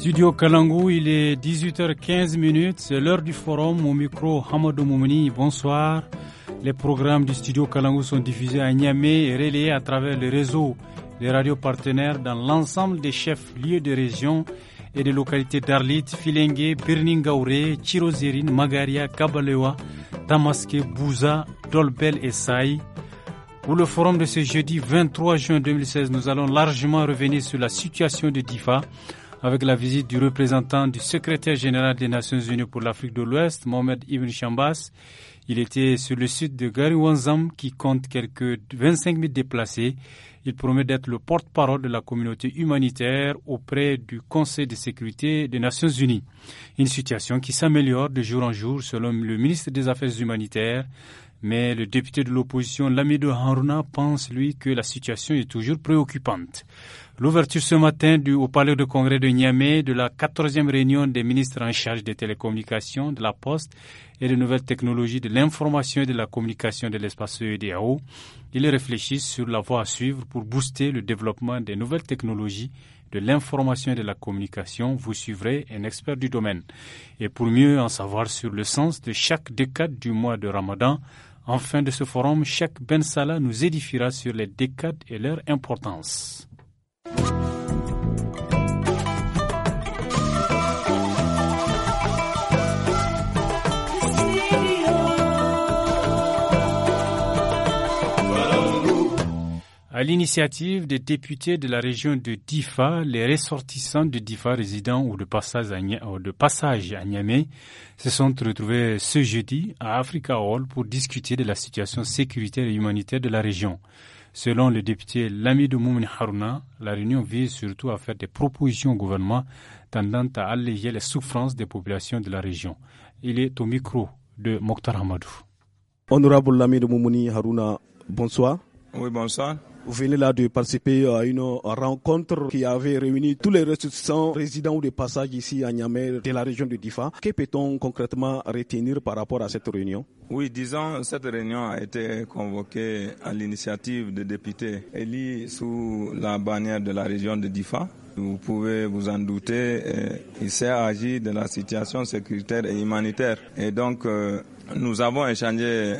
Studio Kalangou, il est 18h15 c'est l'heure du forum au micro Hamadou Moumeni, Bonsoir. Les programmes du Studio Kalangou sont diffusés à Niamey et relayés à travers le réseau des radios partenaires dans l'ensemble des chefs-lieux de région et des localités d'Arlit, Filengue, Birningaouré, Chirozérine, Magaria, Kabalewa, Damaske, Bouza, Dolbel et Saï. Pour le forum de ce jeudi 23 juin 2016, nous allons largement revenir sur la situation de Difa avec la visite du représentant du secrétaire général des Nations Unies pour l'Afrique de l'Ouest, Mohamed Ibn Chambas. Il était sur le site de Gariwanzam qui compte quelques 25 000 déplacés. Il promet d'être le porte-parole de la communauté humanitaire auprès du Conseil de sécurité des Nations Unies. Une situation qui s'améliore de jour en jour selon le ministre des Affaires humanitaires. Mais le député de l'opposition Lamido Haruna pense, lui, que la situation est toujours préoccupante. L'ouverture ce matin du, au palais de congrès de Niamey de la 14 réunion des ministres en charge des télécommunications, de la poste et des nouvelles technologies de l'information et de la communication de l'espace EDAO. il réfléchit sur la voie à suivre pour booster le développement des nouvelles technologies de l'information et de la communication, vous suivrez un expert du domaine. Et pour mieux en savoir sur le sens de chaque décade du mois de Ramadan, en fin de ce forum, Cheikh Ben Salah nous édifiera sur les décades et leur importance. À l'initiative des députés de la région de Difa, les ressortissants de Difa résidents ou de passage à, de Niamey se sont retrouvés ce jeudi à Africa Hall pour discuter de la situation sécuritaire et humanitaire de la région. Selon le député Lamidou Moumouni Harouna, la réunion vise surtout à faire des propositions au gouvernement tendant à alléger les souffrances des populations de la région. Il est au micro de Mokhtar Hamadou. Honorable Lamidou Moumouni Harouna, bonsoir. Oui, bonsoir. Vous venez là de participer à une rencontre qui avait réuni tous les ressortissants résidents ou de passage ici à Niamey de la région de Difa. Que peut-on concrètement retenir par rapport à cette réunion Oui, disons, cette réunion a été convoquée à l'initiative des députés élus sous la bannière de la région de Difa. Vous pouvez vous en douter, euh, il s'agit de la situation sécuritaire et humanitaire. Et donc, euh, nous avons échangé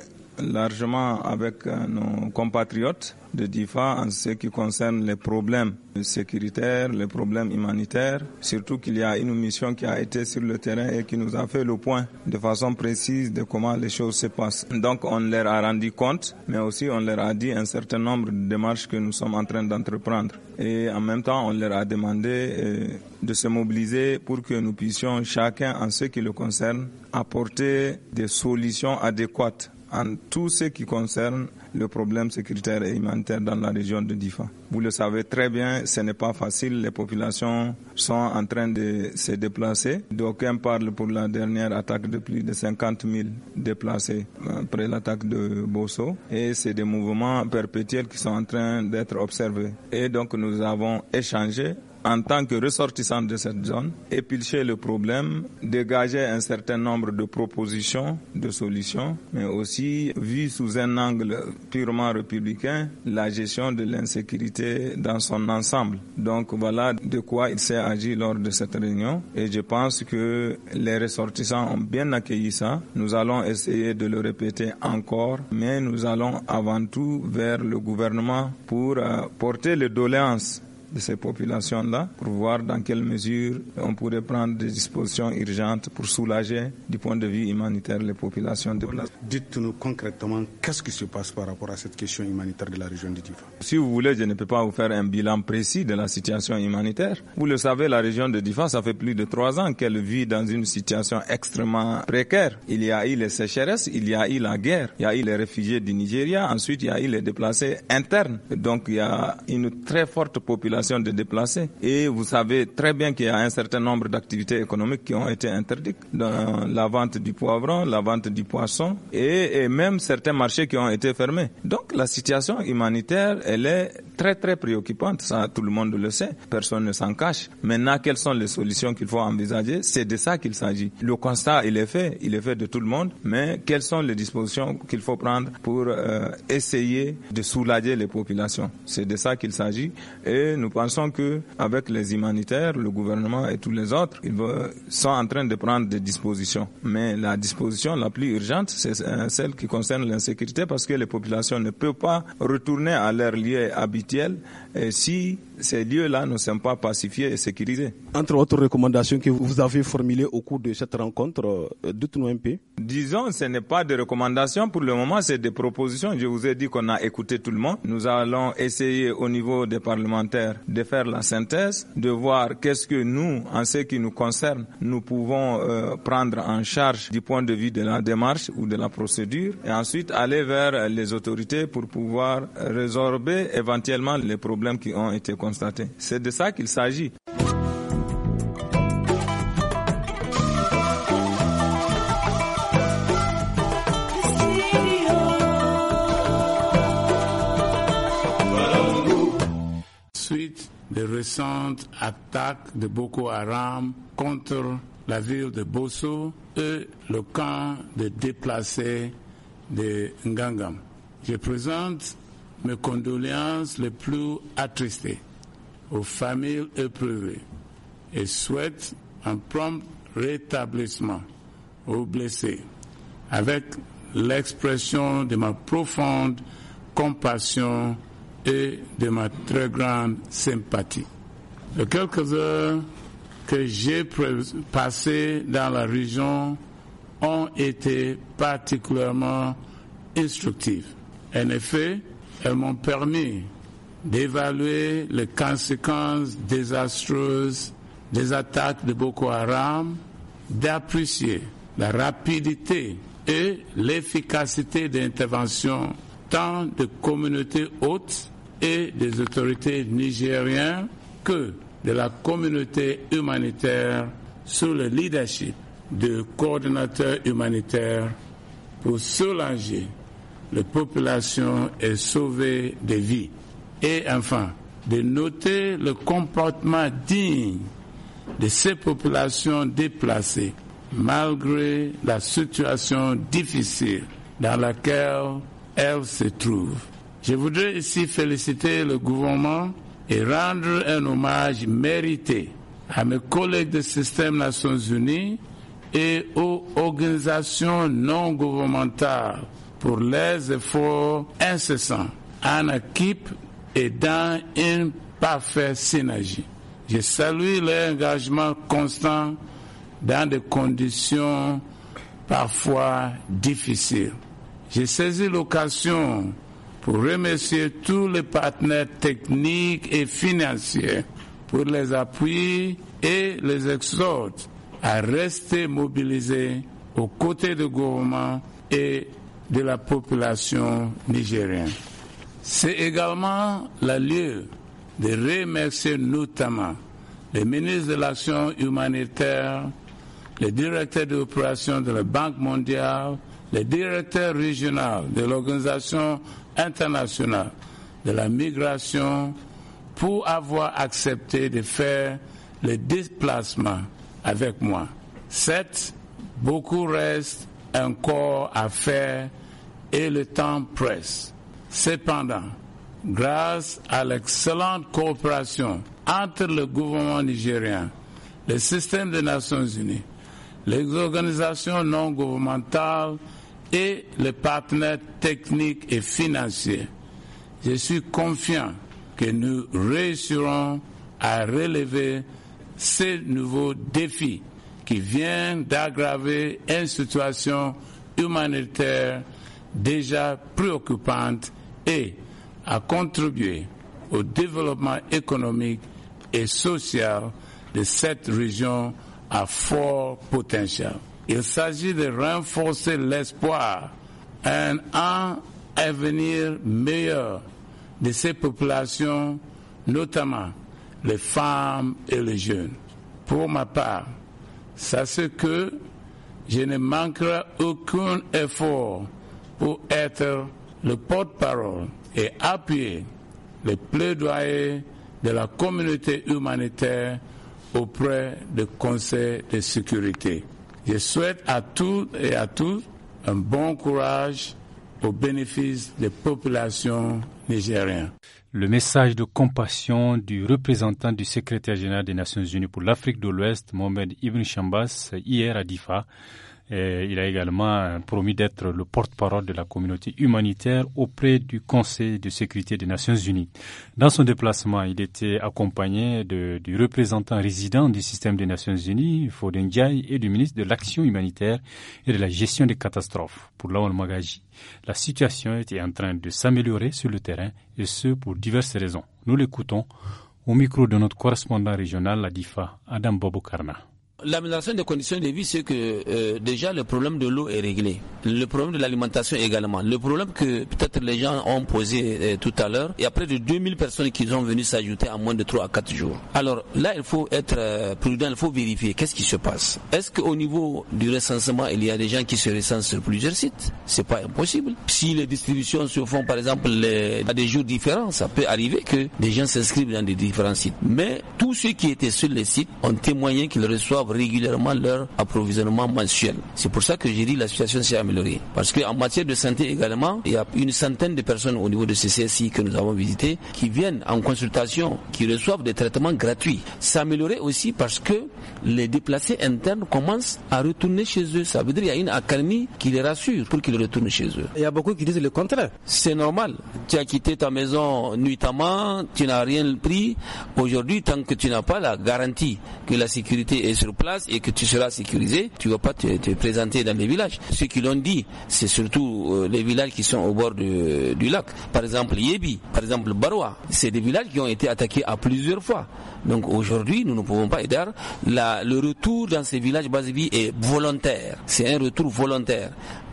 largement avec euh, nos compatriotes de DIFA en ce qui concerne les problèmes sécuritaires, les problèmes humanitaires, surtout qu'il y a une mission qui a été sur le terrain et qui nous a fait le point de façon précise de comment les choses se passent. Donc on leur a rendu compte, mais aussi on leur a dit un certain nombre de démarches que nous sommes en train d'entreprendre. Et en même temps, on leur a demandé euh, de se mobiliser pour que nous puissions chacun, en ce qui le concerne, apporter des solutions adéquates en tout ce qui concerne le problème sécuritaire et humanitaire dans la région de Difa. Vous le savez très bien, ce n'est pas facile. Les populations sont en train de se déplacer. D'aucuns parlent pour la dernière attaque de plus de 50 000 déplacés euh, après l'attaque de Bosso. Et c'est des mouvements perpétuels qui sont en train d'être observés. Et donc nous avons échangé en tant que ressortissant de cette zone, épilcher le problème, dégager un certain nombre de propositions, de solutions, mais aussi, vu sous un angle purement républicain, la gestion de l'insécurité dans son ensemble. Donc voilà de quoi il s'est agi lors de cette réunion et je pense que les ressortissants ont bien accueilli ça. Nous allons essayer de le répéter encore, mais nous allons avant tout vers le gouvernement pour euh, porter les doléances de ces populations-là pour voir dans quelle mesure on pourrait prendre des dispositions urgentes pour soulager du point de vue humanitaire les populations de place. Dites-nous concrètement qu'est-ce qui se passe par rapport à cette question humanitaire de la région de Difa. Si vous voulez, je ne peux pas vous faire un bilan précis de la situation humanitaire. Vous le savez, la région de Difa, ça fait plus de trois ans qu'elle vit dans une situation extrêmement précaire. Il y a eu les sécheresses, il y a eu la guerre, il y a eu les réfugiés du Nigeria, ensuite il y a eu les déplacés internes. Donc il y a une très forte population de déplacer. déplacés. Et vous savez très bien qu'il y a un certain nombre d'activités économiques qui ont été interdites, dans la vente du poivron, la vente du poisson et, et même certains marchés qui ont été fermés. Donc la situation humanitaire, elle est très très préoccupante, ça tout le monde le sait, personne ne s'en cache. Maintenant, quelles sont les solutions qu'il faut envisager C'est de ça qu'il s'agit. Le constat, il est fait, il est fait de tout le monde, mais quelles sont les dispositions qu'il faut prendre pour euh, essayer de soulager les populations C'est de ça qu'il s'agit et nous pensons que avec les humanitaires, le gouvernement et tous les autres, ils euh, sont en train de prendre des dispositions. Mais la disposition la plus urgente, c'est euh, celle qui concerne l'insécurité parce que les populations ne peuvent pas retourner à leur lieu habituel actuelle si ces lieux-là ne sont pas pacifiés et sécurisés. Entre autres recommandations que vous avez formulées au cours de cette rencontre, euh, du nous un peu. Disons, ce n'est pas des recommandations pour le moment, c'est des propositions. Je vous ai dit qu'on a écouté tout le monde. Nous allons essayer au niveau des parlementaires de faire la synthèse, de voir qu'est-ce que nous, en ce qui nous concerne, nous pouvons euh, prendre en charge du point de vue de la démarche ou de la procédure, et ensuite aller vers les autorités pour pouvoir résorber éventuellement les problèmes problèmes qui ont été constatés. C'est de ça qu'il s'agit. Suite des récentes attaques de Boko Haram contre la ville de Bosso et le camp de déplacés de Ngangam. Je présente mes condoléances les plus attristées aux familles éprouvées et souhaite un prompt rétablissement aux blessés avec l'expression de ma profonde compassion et de ma très grande sympathie. Les quelques heures que j'ai passées dans la région ont été particulièrement instructives. En effet, elles m'ont permis d'évaluer les conséquences désastreuses des attaques de Boko Haram, d'apprécier la rapidité et l'efficacité d'intervention tant des communautés hautes et des autorités nigériennes que de la communauté humanitaire sous le leadership de coordinateurs humanitaires pour soulager la population est sauvée des vies. Et enfin, de noter le comportement digne de ces populations déplacées, malgré la situation difficile dans laquelle elles se trouvent. Je voudrais ici féliciter le gouvernement et rendre un hommage mérité à mes collègues du système Nations Unies et aux organisations non gouvernementales pour les efforts incessants en équipe et dans une parfaite synergie. Je salue leur engagement constant dans des conditions parfois difficiles. J'ai saisi l'occasion pour remercier tous les partenaires techniques et financiers pour les appuis et les exhortes à rester mobilisés aux côtés du gouvernement et de la population nigérienne. C'est également la lieu de remercier notamment les ministres de l'Action humanitaire, les directeurs d'opération de la Banque mondiale, les directeurs régional de l'Organisation internationale de la migration pour avoir accepté de faire le déplacement avec moi. C'est, beaucoup reste encore à faire et le temps presse. Cependant, grâce à l'excellente coopération entre le gouvernement nigérien, le système des Nations Unies, les organisations non gouvernementales et les partenaires techniques et financiers, je suis confiant que nous réussirons à relever ces nouveaux défis qui viennent d'aggraver une situation humanitaire déjà préoccupante et à contribuer au développement économique et social de cette région à fort potentiel. Il s'agit de renforcer l'espoir un avenir meilleur de ces populations, notamment les femmes et les jeunes. Pour ma part, ce que je ne manquerai aucun effort pour être le porte-parole et appuyer les plaidoyers de la communauté humanitaire auprès du Conseil de sécurité. Je souhaite à tous et à tous un bon courage au bénéfice des populations nigériennes. Le message de compassion du représentant du secrétaire général des Nations Unies pour l'Afrique de l'Ouest, Mohamed Ibn Chambas, hier à Difa, il a également promis d'être le porte-parole de la communauté humanitaire auprès du Conseil de sécurité des Nations Unies. Dans son déplacement, il était accompagné de, du représentant résident du système des Nations Unies, Foden Ndiaye, et du ministre de l'Action humanitaire et de la gestion des catastrophes, pour Laon Magaji. La situation était en train de s'améliorer sur le terrain, et ce pour diverses raisons. Nous l'écoutons au micro de notre correspondant régional, la DIFA, Adam Bobo Karna. L'amélioration des conditions de vie, c'est que euh, déjà le problème de l'eau est réglé. Le problème de l'alimentation également. Le problème que peut-être les gens ont posé euh, tout à l'heure, il y a près de 2000 personnes qui sont venues s'ajouter en moins de 3 à 4 jours. Alors là, il faut être euh, prudent, il faut vérifier qu'est-ce qui se passe. Est-ce qu'au niveau du recensement, il y a des gens qui se recensent sur plusieurs sites C'est pas impossible. Si les distributions se font par exemple les, à des jours différents, ça peut arriver que des gens s'inscrivent dans des différents sites. Mais tous ceux qui étaient sur les sites ont témoigné qu'ils reçoivent régulièrement leur approvisionnement mensuel. C'est pour ça que j'ai dit la situation s'est améliorée. Parce qu'en matière de santé également, il y a une centaine de personnes au niveau de ces que nous avons visitées qui viennent en consultation, qui reçoivent des traitements gratuits. S'améliorer aussi parce que les déplacés internes commencent à retourner chez eux. Ça veut dire qu'il y a une accalmie qui les rassure pour qu'ils retournent chez eux. Il y a beaucoup qui disent le contraire. C'est normal. Tu as quitté ta maison nuitamment, tu n'as rien pris. Aujourd'hui, tant que tu n'as pas la garantie que la sécurité est sur place et que tu seras sécurisé, tu ne vas pas te, présenter dans les villages. Ce qui l'ont dit, c'est surtout euh, les villages qui sont au bord du lac. Par exemple, Yébi, par exemple, Barwa. C'est des villages qui ont été attaqués à plusieurs fois. Donc aujourd'hui, nous ne pouvons pas. aider. le retour dans ces villages Bazibi est volontaire. C'est un retour volontaire.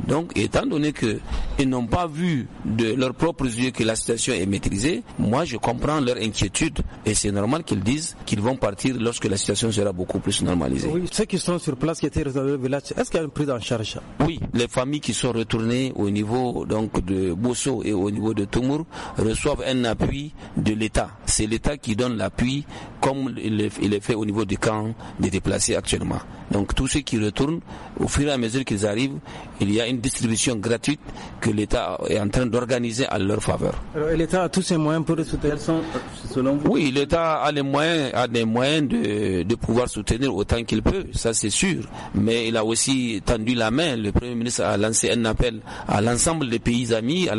Donc, étant donné qu'ils n'ont pas vu de leurs propres yeux que la situation est maîtrisée, moi je comprends leur inquiétude et c'est normal qu'ils disent qu'ils vont partir lorsque la situation sera beaucoup plus normalisée. Oui, ceux qui sont sur place, qui étaient dans le village, est-ce qu'il y a une prise en charge Oui, les familles qui sont retournées au niveau donc de Bosso et au niveau de Tumour reçoivent un appui de l'État. C'est l'État qui donne l'appui comme il est, fait au niveau du camp des déplacés actuellement. Donc tous ceux qui retournent, au fur et à mesure qu'ils arrivent, il y a une distribution gratuite que l'État est en train d'organiser à leur faveur. Alors l'État a tous ses moyens pour soutenir euh, selon Oui, l'État a les moyens, a des moyens de, pouvoir soutenir autant qu'il peut, ça c'est sûr. Mais il a aussi tendu la main, le Premier ministre a lancé un appel à l'ensemble des pays amis, à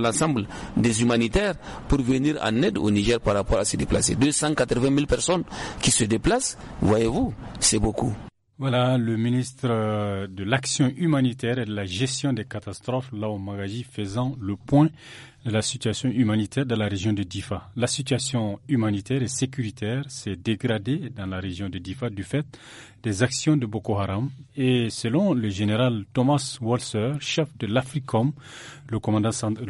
l'ensemble des humanitaires pour venir en aide au Niger par rapport à ces déplacés. 280 personnes qui se déplacent, voyez-vous, c'est beaucoup. Voilà le ministre euh, de l'Action humanitaire et de la gestion des catastrophes, au Magaji, faisant le point de la situation humanitaire dans la région de Difa. La situation humanitaire et sécuritaire s'est dégradée dans la région de Difa du fait des actions de Boko Haram et selon le général Thomas Walser, chef de l'AFRICOM, le,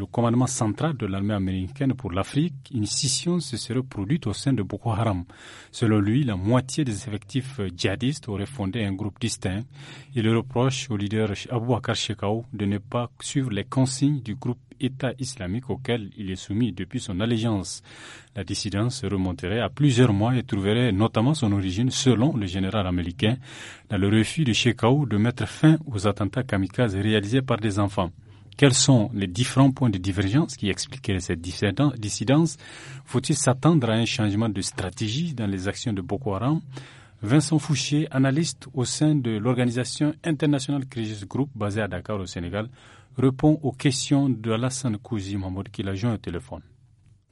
commandement central de l'armée américaine pour l'Afrique, une scission se serait produite au sein de Boko Haram. Selon lui, la moitié des effectifs djihadistes auraient fondé un groupe distinct il reproche au leader Akar Shekau de ne pas suivre les consignes du groupe État islamique auquel il est soumis depuis son allégeance. La dissidence remonterait à plusieurs mois et trouverait notamment son origine, selon le général américain, dans le refus de Shekau de mettre fin aux attentats kamikazes réalisés par des enfants. Quels sont les différents points de divergence qui expliqueraient cette dissidence Faut-il s'attendre à un changement de stratégie dans les actions de Boko Haram Vincent Fouché, analyste au sein de l'organisation internationale Crisis Group basée à Dakar au Sénégal, répond aux questions de Alassane Kouzi Mamoud, qui l'a joint au téléphone.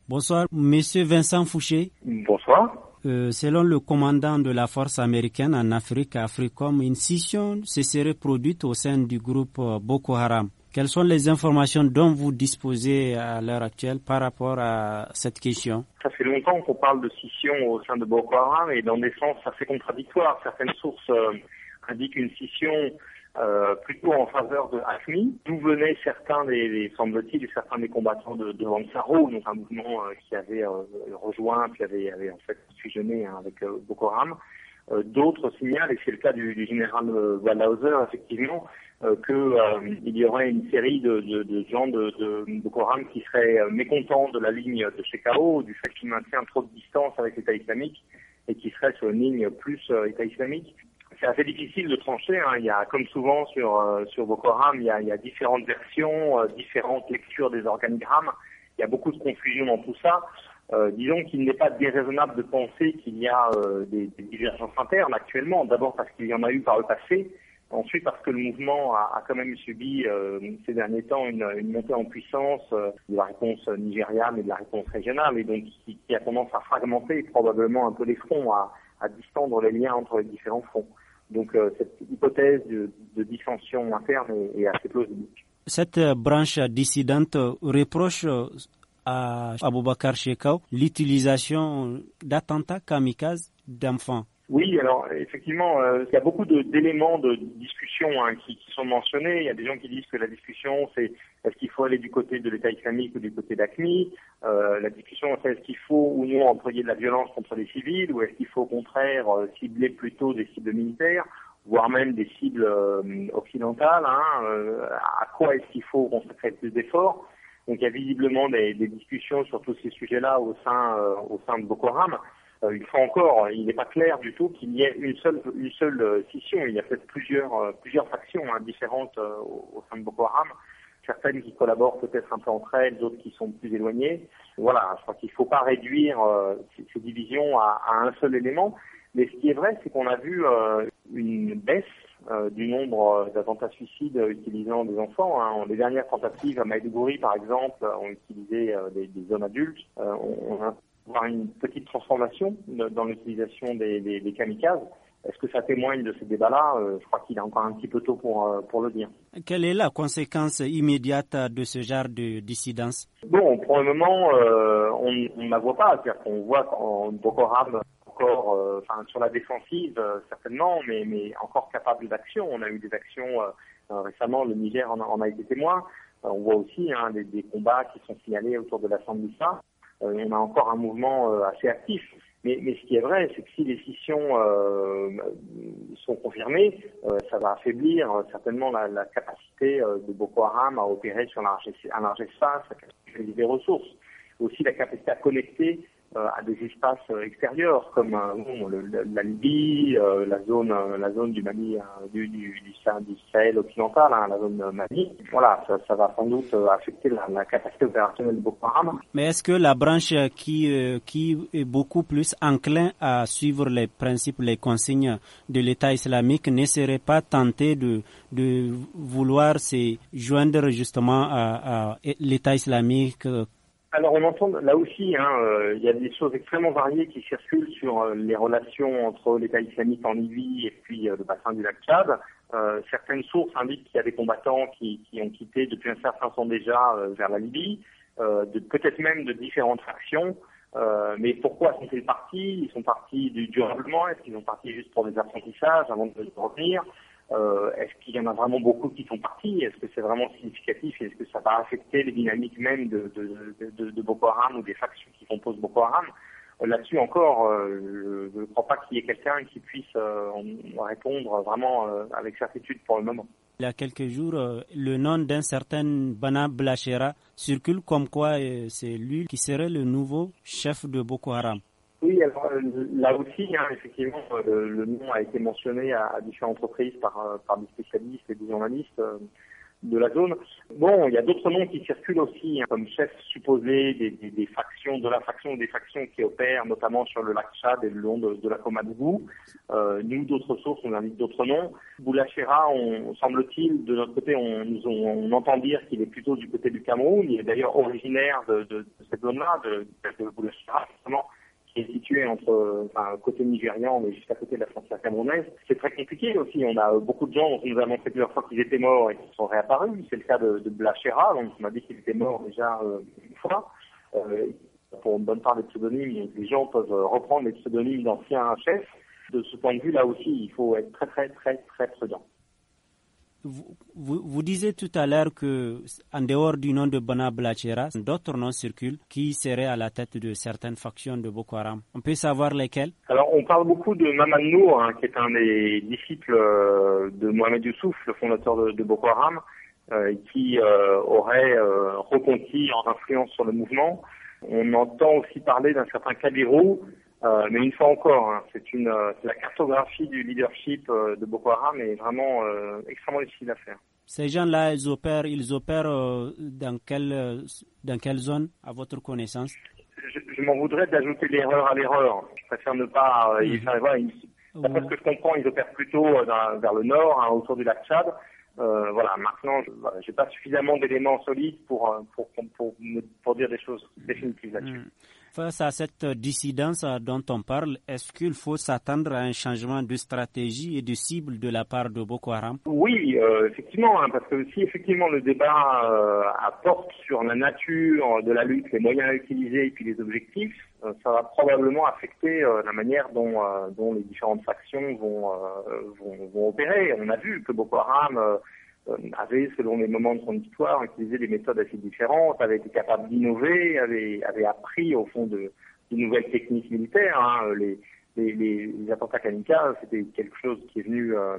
Bonsoir, monsieur Vincent Fouché. Bonsoir. Euh, selon le commandant de la force américaine en Afrique, AFRICOM, une scission se serait produite au sein du groupe euh, Boko Haram. Quelles sont les informations dont vous disposez à l'heure actuelle par rapport à cette question Ça fait longtemps qu'on parle de scission au sein de Boko Haram et dans des sens assez contradictoires. Certaines sources euh, indiquent une scission euh, plutôt en faveur de AFMI, d'où venaient certains des, des semble-t-il, certains des combattants de, de donc un mouvement euh, qui avait euh, rejoint, qui avait, en fait fusionné hein, avec Boko Haram. D'autres signalent, et c'est le cas du, du général Wallhauser, effectivement, euh, qu'il euh, y aurait une série de, de, de gens de, de, Boko qui seraient euh, mécontents de la ligne de Chekao, du fait qu'il maintient trop de distance avec l'État islamique et qui serait sur une ligne plus État islamique. C'est assez difficile de trancher. Hein. Il y a, comme souvent sur, sur Boko Haram, il y a, il y a différentes versions, différentes lectures des organigrammes. Il y a beaucoup de confusion dans tout ça. disons qu'il n'est pas déraisonnable de penser qu'il y a des, des, divergences internes actuellement. D'abord parce qu'il y en a eu par le passé, Ensuite, parce que le mouvement a, quand même subi euh, ces derniers temps une, montée en puissance euh, de la réponse nigériane et de la réponse régionale, et donc qui, a tendance à fragmenter probablement un peu les fronts, à, à distendre les liens entre les différents fronts. Donc euh, cette hypothèse de, dissension interne est, est, assez plausible. Cette branche dissidente reproche à Aboubakar Shekau l'utilisation d'attentats kamikazes d'enfants. Oui, alors effectivement, euh, il y a beaucoup d'éléments de, discussion hein, qui, sont mentionnés. Il y a des gens qui disent que la discussion, c'est est-ce qu'il faut aller du côté de l'État islamique ou du côté d'ACMI euh, La discussion, c'est est-ce qu'il faut ou non employer de la violence contre les civils ou est-ce qu'il faut au contraire euh, cibler plutôt des cibles militaires voire même des cibles euh, occidentales, hein, à quoi est-ce qu'il faut consacrer plus d'efforts Donc il y a visiblement des, des discussions sur tous ces sujets-là au sein au sein de Boko Haram une euh, fois encore, il n'est pas clair du tout qu'il y ait une seule, une seule euh, scission. Il y a peut-être plusieurs, euh, plusieurs factions hein, différentes au, sein de Boko Haram certaines qui collaborent peut-être un peu entre elles, d'autres qui sont plus éloignées. Voilà, je crois qu'il ne faut pas réduire ces, divisions à, à, un seul élément. Mais ce qui est vrai, c'est qu'on a vu une baisse du nombre d'attentats suicides utilisant des enfants. Hein. Les dernières tentatives à Maïdougouri, par exemple, ont utilisé des, des, hommes adultes. On, on, a voir une petite transformation dans l'utilisation des, kamikazes. Est-ce que ça témoigne de ce débat là euh, Je crois qu'il est encore un petit peu tôt pour, euh, pour le dire. Quelle est la conséquence immédiate de ce genre de dissidence Bon, pour le moment, euh, on ne la voit pas. C'est-à-dire qu'on voit Boko Haram, encore enfin, sur la défensive, certainement, mais, encore capable d'action. On a eu des actions récemment, le Niger en a, été témoin. on voit aussi hein, des, combats qui sont signalés autour de la Sambisa. Euh, on a encore un mouvement euh, assez actif. Mais, mais, ce qui est vrai, c'est que si les scissions euh, sont confirmées, ça va affaiblir certainement la, la capacité de Boko Haram à opérer sur un large, un espace, à des ressources, aussi la capacité à connecter euh, à des espaces euh, extérieurs comme euh, bon, la Libye, la zone, la zone du Mali, du, du, du, Sahel occidental, hein, la zone Mali. Voilà, ça, va sans doute affecter la, capacité opérationnelle de Boko Haram. Mais est-ce que la branche qui qui est beaucoup plus enclin à suivre les principes, les consignes de l'État islamique ne serait pas tentée de de vouloir se joindre justement à l'État islamique alors on entend là aussi, hein, euh, il y a des choses extrêmement variées qui circulent sur euh, les relations entre l'État islamique en Libye et puis euh, le bassin du lac Tchad. certaines sources indiquent qu'il y a des combattants qui, qui ont quitté depuis un certain temps déjà vers la Libye, de peut-être même de différentes factions. mais pourquoi sont-ils partis Ils sont partis du durablement Est-ce qu'ils sont partis juste pour des apprentissages avant de revenir euh, est-ce qu'il y en a vraiment beaucoup qui sont partis Est-ce que c'est vraiment significatif Est-ce que ça va affecter les dynamiques même de, Boko Haram ou des factions qui composent Boko Haram euh, Là-dessus encore, euh, je ne crois pas qu'il y ait quelqu'un qui puisse répondre vraiment avec certitude pour le moment. Il y a quelques jours, le nom d'un certain Bana Blachera circule comme quoi c'est lui qui serait le nouveau chef de Boko Haram. Oui, alors euh, là aussi, hein, effectivement, euh, le, nom a été mentionné à, à différentes entreprises par, euh, par des spécialistes et des journalistes de la zone. Bon, il y a d'autres noms qui circulent aussi, hein, comme chef supposé des, des, des, factions, de la faction des factions qui opèrent, notamment sur le lac Tchad et le long de, de la Komadougou. Euh, nous, d'autres sources, on invite d'autres noms. Boulachera, on semble-t-il, de notre côté, on, on, on entend dire qu'il est plutôt du côté du Cameroun. Il est d'ailleurs originaire de, de, cette zone-là, de, de Boulachera, justement qui est situé entre, enfin, côté nigérian, mais juste à côté de la frontière camerounaise. C'est très compliqué aussi. On a euh, beaucoup de gens, on nous a montré plusieurs fois qu'ils étaient morts et qu'ils sont réapparus. C'est le cas de, Blachera, donc on m'a dit qu'il était mort déjà euh, une fois. Euh, pour une bonne part des pseudonymes, les gens peuvent reprendre les pseudonymes d'anciens chefs. De ce point de vue, là aussi, il faut être très, très, très, très prudent. Vous, disiez tout à l'heure que, en dehors du nom de Bana Blachera, d'autres noms circulent qui seraient à la tête de certaines factions de Boko Haram. On peut savoir lesquels Alors, on parle beaucoup de Maman Nour, hein, qui est un des disciples euh, de Mohamed Youssouf, le fondateur de, Boko Haram, euh, qui euh, aurait euh, reconquis en influence sur le mouvement. On entend aussi parler d'un certain Kabirou. Euh, mais une fois encore, hein, euh, c'est la cartographie du leadership euh, de Boko Haram est vraiment extrêmement difficile à faire. Ces gens-là, ils opèrent, ils opèrent dans quelle dans quelle zone, à votre connaissance Je, m'en voudrais d'ajouter l'erreur à l'erreur. Je préfère ne pas y mhm. D'après ce que je comprends, ils opèrent plutôt vers le nord, hein, autour du lac Tchad. voilà. Maintenant, je n'ai pas suffisamment d'éléments solides pour pour, pour, dire des choses définitives là-dessus. Mhm. Face à cette dissidence dont on parle, est-ce qu'il faut s'attendre à un changement de stratégie et de cible de la part de Boko Haram Oui, euh, effectivement, hein, parce que si effectivement le débat euh, apporte sur la nature de la lutte, les moyens à utiliser et puis les objectifs, euh, ça va probablement affecter euh, la manière dont, dont, les différentes factions vont, vont, vont, opérer. On a vu que Boko Haram euh, avait, selon les moments de son histoire, utilisé des méthodes assez différentes, avait été capable d'innover, avait, avait appris au fond de, de nouvelles techniques militaires. Hein. Les, les, les, attentats c'était quelque chose qui est venu, euh,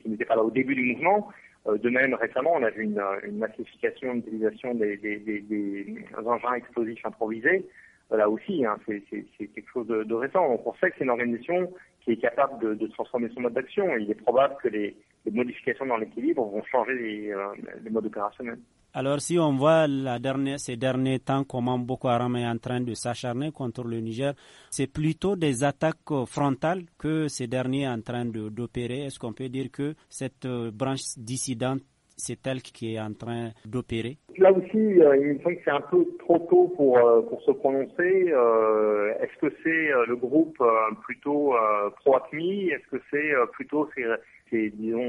qui n'était pas là au début du mouvement. Euh, de même, récemment, on a vu une, une massification, l'utilisation des, des, des, des, engins explosifs improvisés. là aussi, hein, c'est, quelque chose de, de, récent. Donc on sait que c'est une organisation qui est capable de, de transformer son mode d'action. Il est probable que les, les modifications dans l'équilibre vont changer euh, les, modes opérationnels. Alors si on voit la dernière, ces derniers temps comment Boko Haram est en train de s'acharner contre le Niger, c'est plutôt des attaques euh, frontales que ces derniers sont en train d'opérer. Est-ce qu'on peut dire que cette euh, branche dissidente c'est elle qui est en train d'opérer Là aussi, euh, il me semble que c'est un peu trop tôt pour, euh, pour se prononcer. Euh, est-ce que c'est le groupe plutôt pro-ACMI Est-ce que c'est plutôt ces,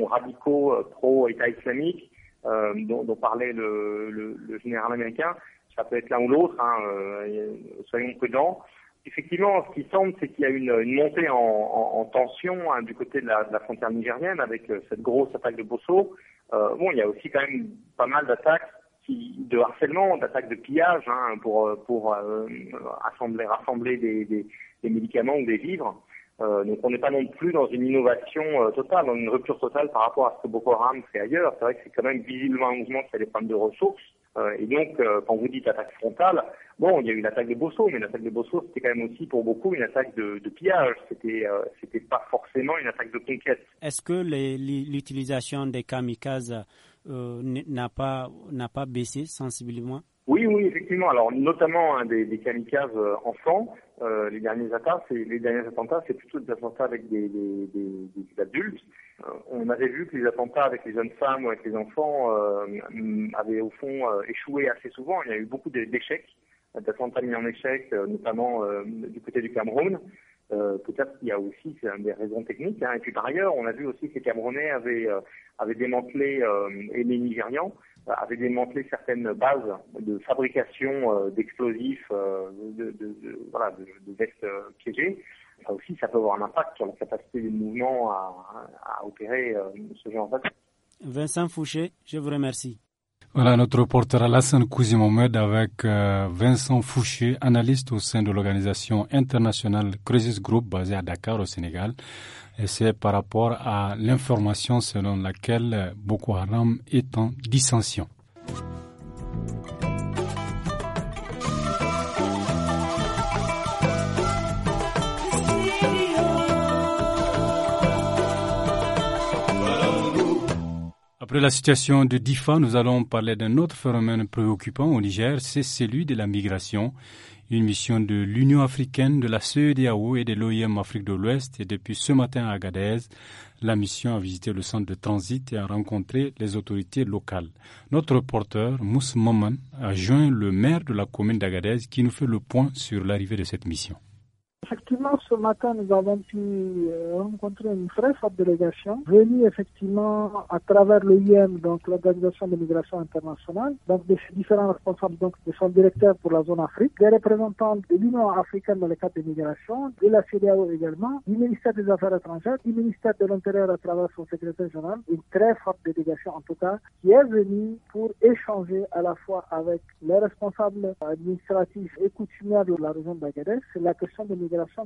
radicaux pro-État islamique dont, parlait le, général américain Ça peut être l'un ou l'autre, hein, soyons prudents. Effectivement, ce qui semble, c'est qu'il y a une, montée en, tension hein, du côté de la, de la, frontière nigérienne avec cette grosse attaque de Bosso. Euh, bon, il y a aussi quand même pas mal d'attaques de harcèlement, d'attaques de pillage hein, pour, euh, pour euh, assembler, rassembler des, des, des, médicaments ou des livres. Euh, donc on n'est pas non plus dans une innovation totale, dans une rupture totale par rapport à ce que Boko Haram fait ailleurs. C'est vrai que c'est quand même visiblement un mouvement qui a des problèmes de ressources, euh, et donc, euh, quand vous dites attaque frontale, bon, il y a eu l'attaque de Bosso, mais l'attaque de Bosso, c'était quand même aussi pour beaucoup une attaque de, de pillage. C'était, euh, c'était pas forcément une attaque de conquête. Est-ce que l'utilisation des kamikazes euh, n'a pas n'a pas baissé sensiblement Oui, oui, effectivement. Alors, notamment hein, des, des, kamikazes enfants. Euh, les derniers attentats, c'est les derniers c'est plutôt des attentats avec des, adultes. Euh, on avait vu que les attentats avec les jeunes femmes ou avec les enfants euh, avaient au fond échoué assez souvent. Il y a eu beaucoup d'échecs, d'attentats mis en échec, notamment du côté du Cameroun. Peut-être qu'il y a aussi des raisons techniques. Hein. Et puis par ailleurs, on a vu aussi que les Camerounais avaient, démantelé et les Nigérians. Euh, avait démantelé certaines bases de fabrication euh, d'explosifs, euh, de, de, de, vestes piégées. Ça aussi, ça peut avoir un impact sur la capacité des mouvement à, opérer ce genre d'attaque. Vincent Fouché, je vous remercie. Voilà notre reporter Alassane Kouzimomed avec euh, Vincent Fouché, analyste au sein de l'organisation internationale Crisis Group basée à Dakar au Sénégal. Et c'est par rapport à l'information selon laquelle Boko Haram est en dissension. Après la situation de Difa, nous allons parler d'un autre phénomène préoccupant au Niger, c'est celui de la migration. Une mission de l'Union africaine, de la CEDAO et de l'OIM Afrique de l'Ouest et depuis ce matin à Agadez, la mission a visité le centre de transit et a rencontré les autorités locales. Notre reporter, Mouss Moman a joint le maire de la commune d'Agadez qui nous fait le point sur l'arrivée de cette mission. Effectivement, ce matin, nous avons pu euh, rencontrer une très forte délégation venue effectivement à travers l'OIM, donc l'Organisation de migration internationale, donc des différents responsables donc, de son directeur pour la zone Afrique, des représentants de l'Union africaine dans le cadre des migrations, de la CDAO également, du ministère des Affaires étrangères, du ministère de l'Intérieur à travers son secrétaire général, une très forte délégation en tout cas, qui est venue pour échanger à la fois avec les responsables administratifs et coutumiers de la région d'Agadez sur la question de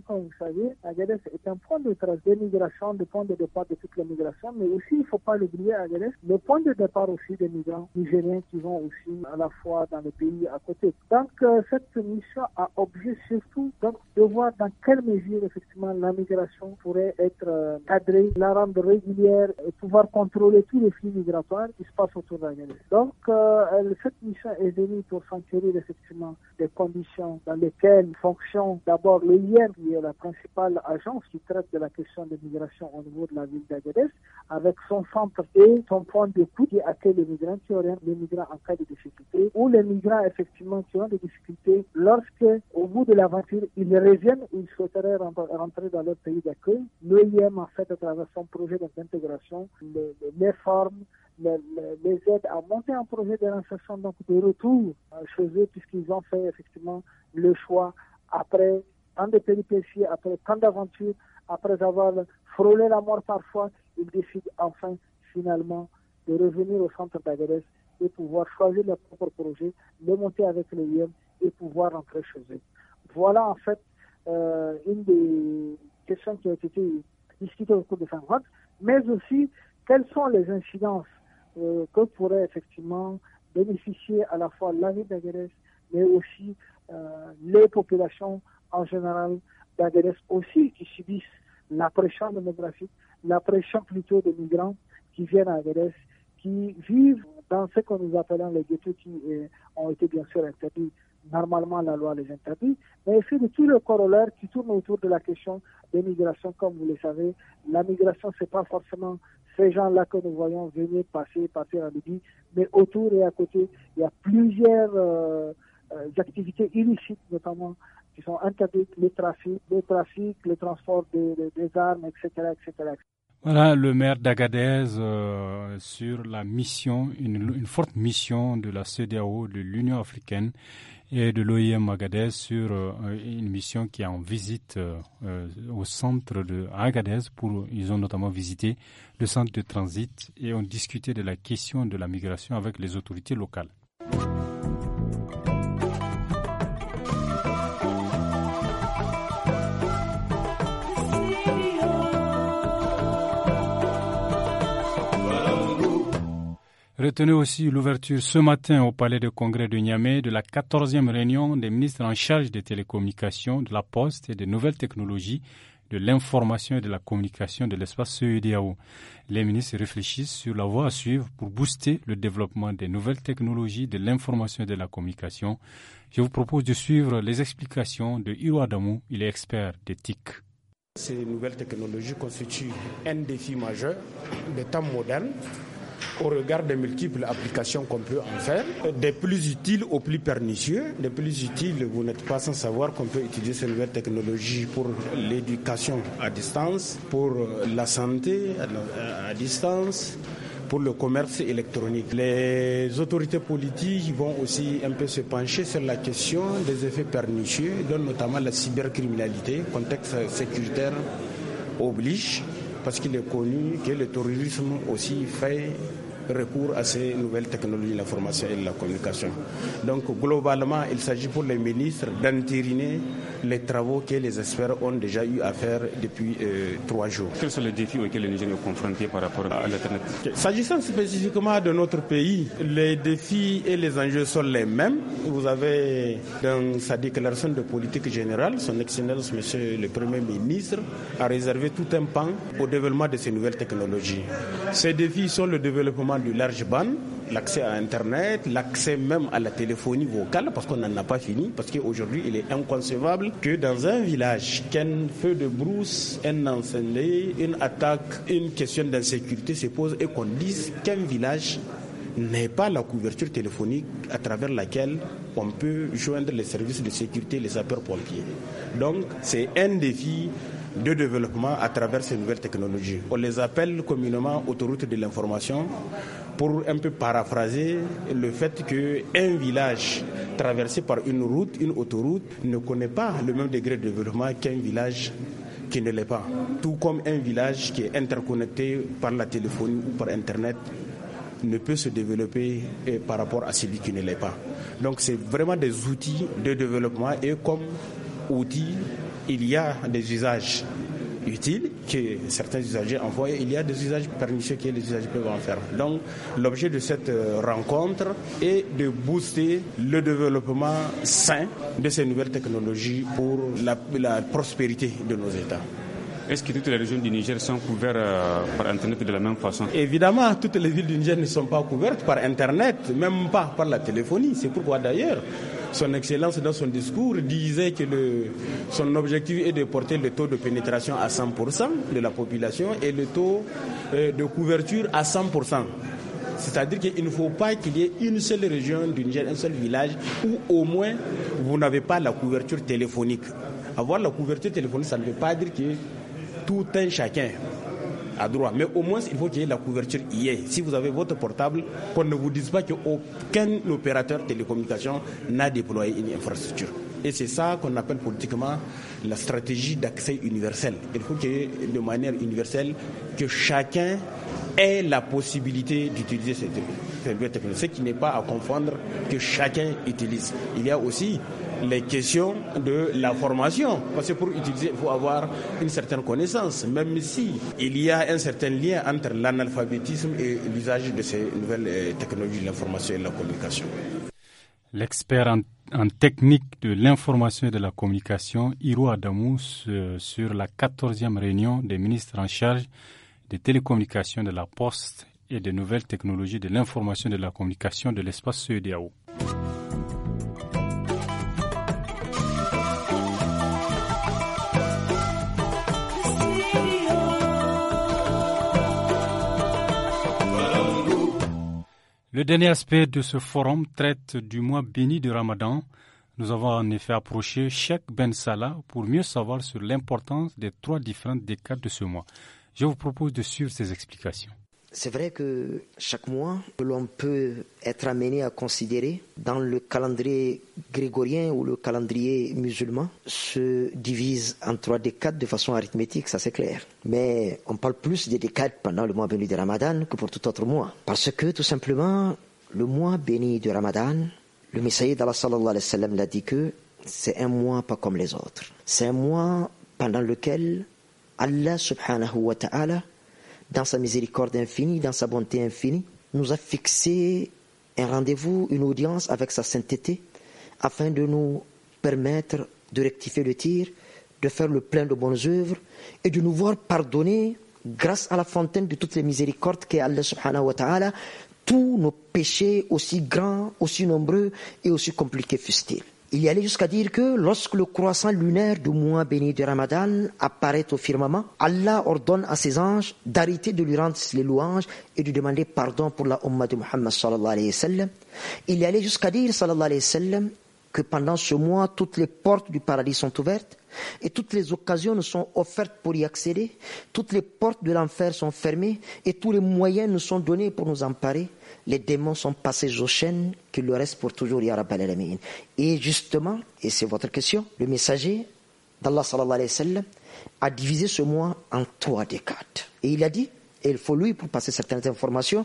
comme vous savez, Agadez est un point de trace des migrations, de point de départ de toutes les migrations, mais aussi, il ne faut pas l'oublier, Agadez, le point de départ aussi des migrants nigériens qui vont aussi à la fois dans les pays à côté. Donc, euh, cette mission a objet surtout donc, de voir dans quelle mesure, effectivement, la migration pourrait être euh, cadrée, la rendre régulière et pouvoir contrôler tous les flux migratoires qui se passent autour d'Agadez. Donc, euh, cette mission est venue pour s'enquérir, effectivement, des conditions dans lesquelles fonctionnent d'abord les lien qui est la principale agence qui traite de la question des migrations au niveau de la ville d'Agadez, avec son centre et son point d'écoute qui accueille les migrants qui ont les migrants en cas de difficulté ou les migrants effectivement qui ont des difficultés lorsque, au bout de l'aventure, ils reviennent ou ils souhaiteraient rentrer dans leur pays d'accueil. L'OIM, en fait, à travers son projet d'intégration, les, formes, les, aides à monter un projet de donc de retour euh, chez eux, puisqu'ils ont fait effectivement le choix après tant de péripéties, après tant d'aventures, après avoir frôlé la mort parfois, il décide enfin, finalement, de revenir au centre d'Agadez et pouvoir choisir leur propre projet, le monter avec le lien et pouvoir rentrer chez eux. Voilà en fait euh, une des questions qui a été discutée au cours de saint mais aussi quelles sont les incidences euh, que pourrait effectivement bénéficier à la fois la ville d'Agadez, mais aussi euh, les populations en général d'Agadez aussi qui subissent la démographique, la plutôt des migrants qui viennent à grès qui vivent dans ce que nous appelons les ghettos qui euh, ont été bien sûr interdits. Normalement, la loi les interdit, mais c'est de tout le corollaire qui tourne autour de la question des migrations. Comme vous le savez, la migration, c'est pas forcément ces gens-là que nous voyons venir passer, passer en Libye, mais autour et à côté, il y a plusieurs euh, euh, activités illicites, notamment, qui sont interdites, les trafics, les trafics, les transports des, armes, etc., Voilà le maire d'Agadez euh, sur la mission, une, forte mission de la CDAO, de l'Union africaine et de l'OIM Agadez sur euh, une mission qui est en visite au centre de Agadez. Pour, ils ont notamment visité le centre de transit et ont discuté de la question de la migration avec les autorités locales. Retenez aussi l'ouverture ce matin au Palais de Congrès de Niamey de la 14e réunion des ministres en charge des télécommunications, de la poste et des nouvelles technologies, de l'information et de la communication de l'espace CEDAO. E les ministres réfléchissent sur la voie à suivre pour booster le développement des nouvelles technologies, de l'information et de la communication. Je vous propose de suivre les explications de Hiro Adamou, il est expert des TIC. Ces nouvelles technologies constituent un défi majeur des temps modernes au regard des multiples applications qu'on peut en faire, des plus utiles aux plus pernicieux. Des plus utiles, vous n'êtes pas sans savoir qu'on peut utiliser ces nouvelles technologies pour l'éducation à distance, pour euh, la santé à distance, pour le commerce électronique. Les autorités politiques vont aussi un peu se pencher sur la question des effets pernicieux, dont notamment la cybercriminalité, contexte sécuritaire oblige parce qu'il est connu que le tourisme aussi fait recours à ces nouvelles technologies de l'information et la communication. Donc globalement, il s'agit pour les ministres d'entériner les travaux que les experts ont déjà eu à faire depuis euh, trois jours. Quels sont les défis auxquels les Nigériens sont confrontés par rapport à l'Internet S'agissant spécifiquement de notre pays, les défis et les enjeux sont les mêmes. Vous avez dans sa déclaration de politique générale, son Excellence, Monsieur le Premier ministre, a réservé tout un pan au développement de ces nouvelles technologies. Ces défis sont le développement du large band, l'accès à Internet, l'accès même à la téléphonie vocale, parce qu'on n'en a pas fini, parce qu'aujourd'hui, il est inconcevable que dans un village, qu'un feu de brousse, un incendie, une attaque, une question d'insécurité se pose et qu'on dise qu'un village n'est pas la couverture téléphonique à travers laquelle on peut joindre les services de sécurité les sapeurs-pompiers. Donc, c'est un défi de développement à travers ces nouvelles technologies. On les appelle communément autoroutes de l'information pour un peu paraphraser le fait qu'un village traversé par une route, une autoroute, ne connaît pas le même degré de développement qu'un village qui ne l'est pas. Tout comme un village qui est interconnecté par la téléphonie ou par Internet ne peut se développer eh, par rapport à celui qui ne l'est pas. Donc c'est vraiment des outils de développement et comme outils il y a des usages utiles que certains usagers envoient, il y a des usages pernicieux que les usagers peuvent en faire. Donc l'objet de cette euh, rencontre est de booster le développement sain de ces nouvelles technologies pour la, la prospérité de nos États. Est-ce que toutes les régions du Niger sont couvertes euh, par Internet de la même façon Évidemment, toutes les villes du Niger ne sont pas couvertes par Internet, même pas par la téléphonie. C'est pourquoi d'ailleurs, son Excellence, dans son discours, disait que le, son objectif est de porter le taux de pénétration à 100% de la population et le taux euh, de couverture à 100%. C'est-à-dire qu'il ne faut pas qu'il y ait une seule région du Niger, un seul village où au moins vous n'avez pas la couverture téléphonique. Avoir la couverture téléphonique, ça ne veut pas dire que tout un chacun a droit. Mais au moins, il faut qu'il y ait la couverture hier. Si vous avez votre portable, qu'on ne vous dise pas qu'aucun opérateur de télécommunication n'a déployé une infrastructure. Et c'est ça qu'on appelle politiquement la stratégie d'accès universel. Il faut que, de manière universelle, que chacun ait la possibilité d'utiliser cette, cette technologie. Ce qui n'est pas à confondre que chacun utilise. Il y a aussi les questions de la formation. Parce que pour utiliser, il faut avoir une certaine connaissance, même si il y a un certain lien entre l'analphabétisme et l'usage de ces nouvelles euh, technologies de l'information et de la communication. L'expert en, technique de l'information et de la communication, Hiro Adamou, sur la 14e réunion des ministres en charge des télécommunications, de la poste et des nouvelles technologies de l'information et de la communication de l'espace CEDAO. Le dernier aspect de ce forum traite du mois béni de Ramadan. Nous avons en effet approché Cheikh Ben Salah pour mieux savoir sur l'importance des trois différentes décades de ce mois. Je vous propose de suivre ses explications. C'est vrai que chaque mois, l'on peut être amené à considérer dans le calendrier grégorien ou le calendrier musulman se divise en trois décades de façon arithmétique, ça c'est clair. Mais on parle plus des décades pendant le mois béni de Ramadan que pour tout autre mois. Parce que tout simplement, le mois béni de Ramadan, le messie d'Allah sallallahu alayhi wa l'a dit que c'est un mois pas comme les autres. C'est un mois pendant lequel Allah subhanahu wa ta'ala dans sa miséricorde infinie, dans sa bonté infinie, nous a fixé un rendez-vous, une audience avec sa sainteté, afin de nous permettre de rectifier le tir, de faire le plein de bonnes œuvres et de nous voir pardonner grâce à la fontaine de toutes les miséricordes qu'est Allah subhanahu wa ta'ala, tous nos péchés aussi grands, aussi nombreux et aussi compliqués fussent-ils. Il y allait jusqu'à dire que lorsque le croissant lunaire du mois béni de Ramadan apparaît au firmament, Allah ordonne à ses anges d'arrêter de lui rendre les louanges et de demander pardon pour la Ummah de Muhammad sallallahu alayhi wa Il y allait jusqu'à dire sallallahu alayhi wa sallam que pendant ce mois, toutes les portes du paradis sont ouvertes et toutes les occasions nous sont offertes pour y accéder. Toutes les portes de l'enfer sont fermées et tous les moyens nous sont donnés pour nous emparer. Les démons sont passés aux chaînes qui le reste pour toujours, Ya Rabbal Et justement, et c'est votre question, le messager d'Allah a divisé ce mois en trois décades. Et il a dit, et il faut lui, pour passer certaines informations,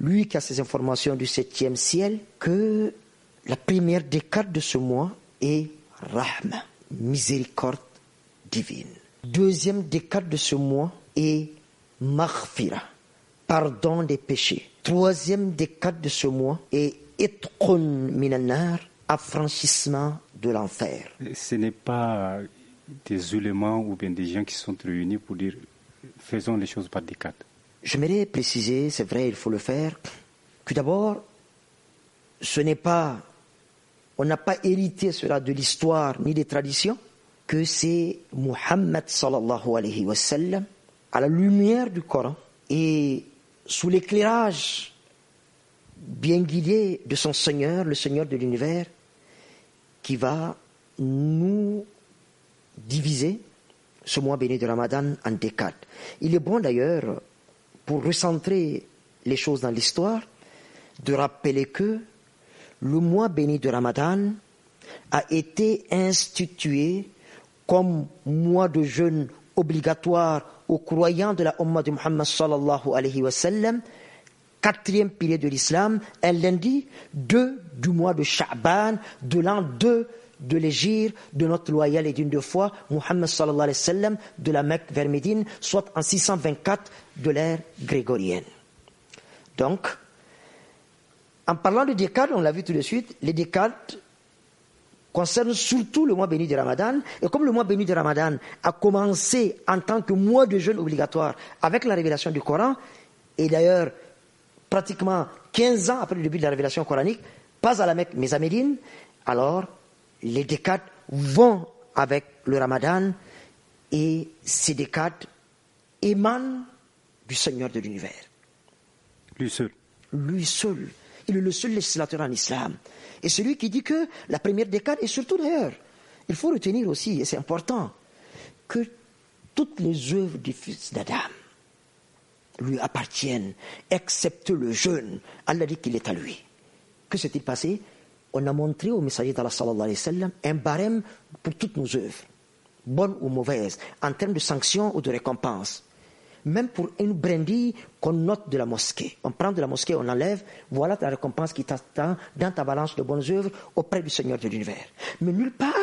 lui qui a ces informations du septième ciel, que la première des quatre de ce mois est Rahma, miséricorde divine. Deuxième des quatre de ce mois est Maghfira, pardon des péchés. Troisième des quatre de ce mois est Itkun Minanar, affranchissement de l'enfer. Ce n'est pas des éléments ou bien des gens qui sont réunis pour dire faisons les choses par des quatre. J'aimerais préciser, c'est vrai, il faut le faire, que d'abord, ce n'est pas on n'a pas hérité cela de l'histoire ni des traditions, que c'est Muhammad sallallahu alayhi wa sallam, à la lumière du Coran et sous l'éclairage bien guidé de son Seigneur, le Seigneur de l'univers, qui va nous diviser ce mois béni de Ramadan en des quatre. Il est bon d'ailleurs, pour recentrer les choses dans l'histoire, de rappeler que le mois béni de Ramadan a été institué comme mois de jeûne obligatoire aux croyants de la Ummah de Muhammad sallallahu alayhi wa sallam, quatrième pilier de l'islam, un lundi 2 du mois de Sha'ban de l'an 2 de l'égir de notre loyal et d'une de fois Muhammad sallallahu alayhi wa sallam, de la Mecque vers Médine, soit en 624 de l'ère grégorienne. Donc, en parlant de décade, on l'a vu tout de suite, les décades concernent surtout le mois béni de Ramadan. Et comme le mois béni de Ramadan a commencé en tant que mois de jeûne obligatoire avec la révélation du Coran, et d'ailleurs pratiquement 15 ans après le début de la révélation coranique, pas à la Mecque mais à Médine, alors les décades vont avec le Ramadan et ces décades émanent du Seigneur de l'univers. Lui seul. Lui seul. Il est le seul législateur en islam. Et celui qui dit que la première décade, et surtout d'ailleurs, il faut retenir aussi, et c'est important, que toutes les œuvres du fils d'Adam lui appartiennent, excepté le jeûne. Allah dit qu'il est à lui. Que s'est-il passé On a montré au messager d'Allah sallallahu un barème pour toutes nos œuvres, bonnes ou mauvaises, en termes de sanctions ou de récompenses même pour une brindille qu'on note de la mosquée. On prend de la mosquée, on l'enlève, voilà ta récompense qui t'attend dans ta balance de bonnes œuvres auprès du Seigneur de l'univers. Mais nulle part,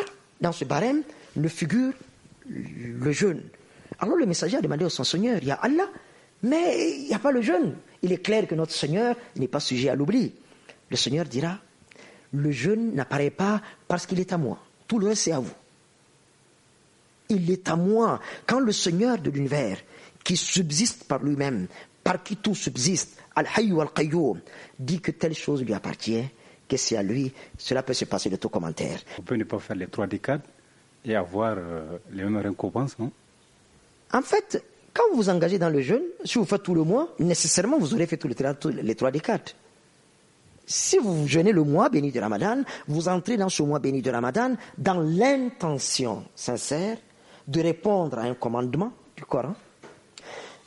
dans ce barème, ne figure le jeûne. Alors le messager a demandé au son Seigneur, il y a Allah, mais il n'y a pas le jeûne. Il est clair que notre Seigneur n'est pas sujet à l'oubli. Le Seigneur dira, le jeûne n'apparaît pas parce qu'il est à moi. Tout le reste, est à vous. Il est à moi. Quand le Seigneur de l'univers qui subsiste par lui-même, par qui tout subsiste, Al-Hayyu Al-Qayyum, dit que telle chose lui appartient, que c'est à lui, cela peut se passer de tout commentaire. On peut ne pas faire les trois décades et avoir euh, les mêmes récompenses, non En fait, quand vous vous engagez dans le jeûne, si vous faites tout le mois, nécessairement vous aurez fait tous les, les trois décades. Si vous jeûnez le mois béni de Ramadan, vous entrez dans ce mois béni de Ramadan dans l'intention sincère de répondre à un commandement du Coran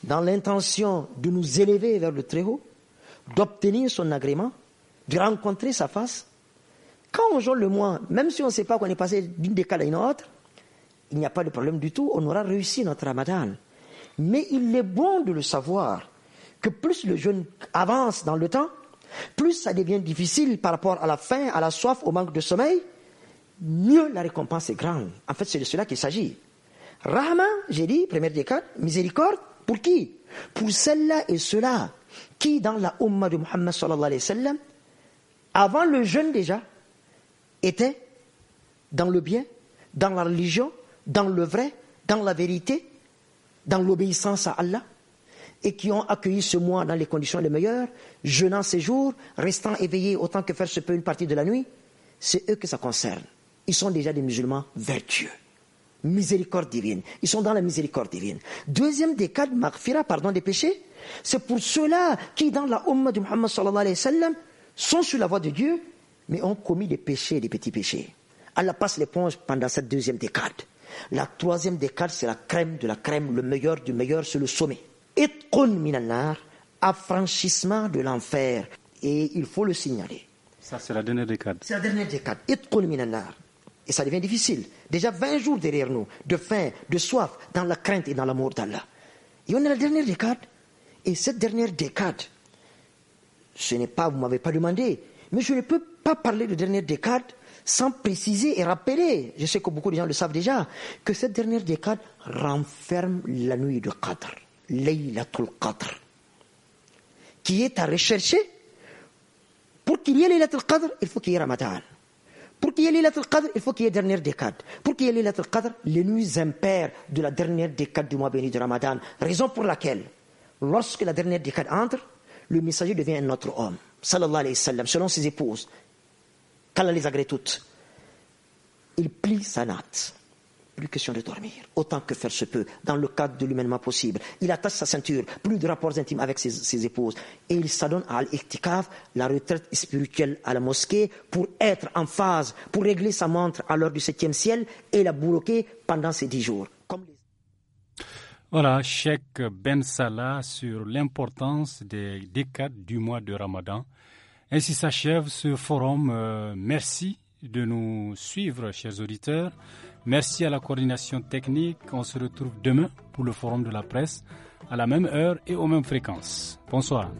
dans l'intention de nous élever vers le Très-Haut, d'obtenir son agrément, de rencontrer sa face, quand on joue le moins, même si on ne sait pas qu'on est passé d'une décade à une autre, il n'y a pas de problème du tout, on aura réussi notre ramadan. Mais il est bon de le savoir que plus le jeûne avance dans le temps, plus ça devient difficile par rapport à la faim, à la soif, au manque de sommeil, mieux la récompense est grande. En fait, c'est de cela qu'il s'agit. Rahman, j'ai dit, première décade, miséricorde, pour qui Pour celles-là et ceux-là qui, dans la Ummah de Muhammad sallallahu alayhi wa sallam, avant le jeûne déjà, étaient dans le bien, dans la religion, dans le vrai, dans la vérité, dans l'obéissance à Allah, et qui ont accueilli ce mois dans les conditions les meilleures, jeûnant ces jours, restant éveillés autant que faire se peut une partie de la nuit, c'est eux que ça concerne. Ils sont déjà des musulmans vertueux miséricorde divine. Ils sont dans la miséricorde divine. Deuxième décade, marfira, pardon des péchés, c'est pour ceux-là qui, dans la Ummah de Muhammad sallallahu alayhi wa sallam, sont sur la voie de Dieu, mais ont commis des péchés, des petits péchés. Allah passe l'éponge pendant cette deuxième décade. La troisième décade, c'est la crème de la crème, le meilleur du meilleur, c'est le sommet. Et minanar, affranchissement de l'enfer. Et il faut le signaler. Ça, c'est la dernière décade. C'est la dernière décade. minanar. Et ça devient difficile. Déjà 20 jours derrière nous, de faim, de soif, dans la crainte et dans l'amour d'Allah. Et on est la dernière décade. Et cette dernière décade, ce n'est pas, vous m'avez pas demandé, mais je ne peux pas parler de dernière décade sans préciser et rappeler, je sais que beaucoup de gens le savent déjà, que cette dernière décade renferme la nuit de Qadr, Laylatul Qadr, qui est à rechercher. Pour qu'il y ait Laylatul Qadr, il faut qu'il y ait Ramadan. Pour qu'il y ait lettres Qadr, il faut qu'il y ait dernière décade. Pour qu'il y ait lettres Qadr, les nuits impaires de la dernière décade du mois béni de Ramadan. Raison pour laquelle, lorsque la dernière décade entre, le messager devient un autre homme. Sallallahu alayhi wa sallam, selon ses épouses. Qu'Allah les agrée toutes. Il plie sa natte plus question de dormir, autant que faire se peut, dans le cadre de l'humainement possible. Il attache sa ceinture, plus de rapports intimes avec ses, épouses. Et il s'adonne à l'iktikaf, la retraite spirituelle à la mosquée, pour être en phase, pour régler sa montre à l'heure du septième ciel et la bouloquer pendant ces dix jours. Voilà, Cheikh Ben Salah sur l'importance des décades du mois de Ramadan. Ainsi s'achève ce forum. Euh, merci de nous suivre, chers auditeurs. Merci à la coordination technique. On se retrouve demain pour le forum de la presse à la même heure et aux mêmes fréquences. Bonsoir.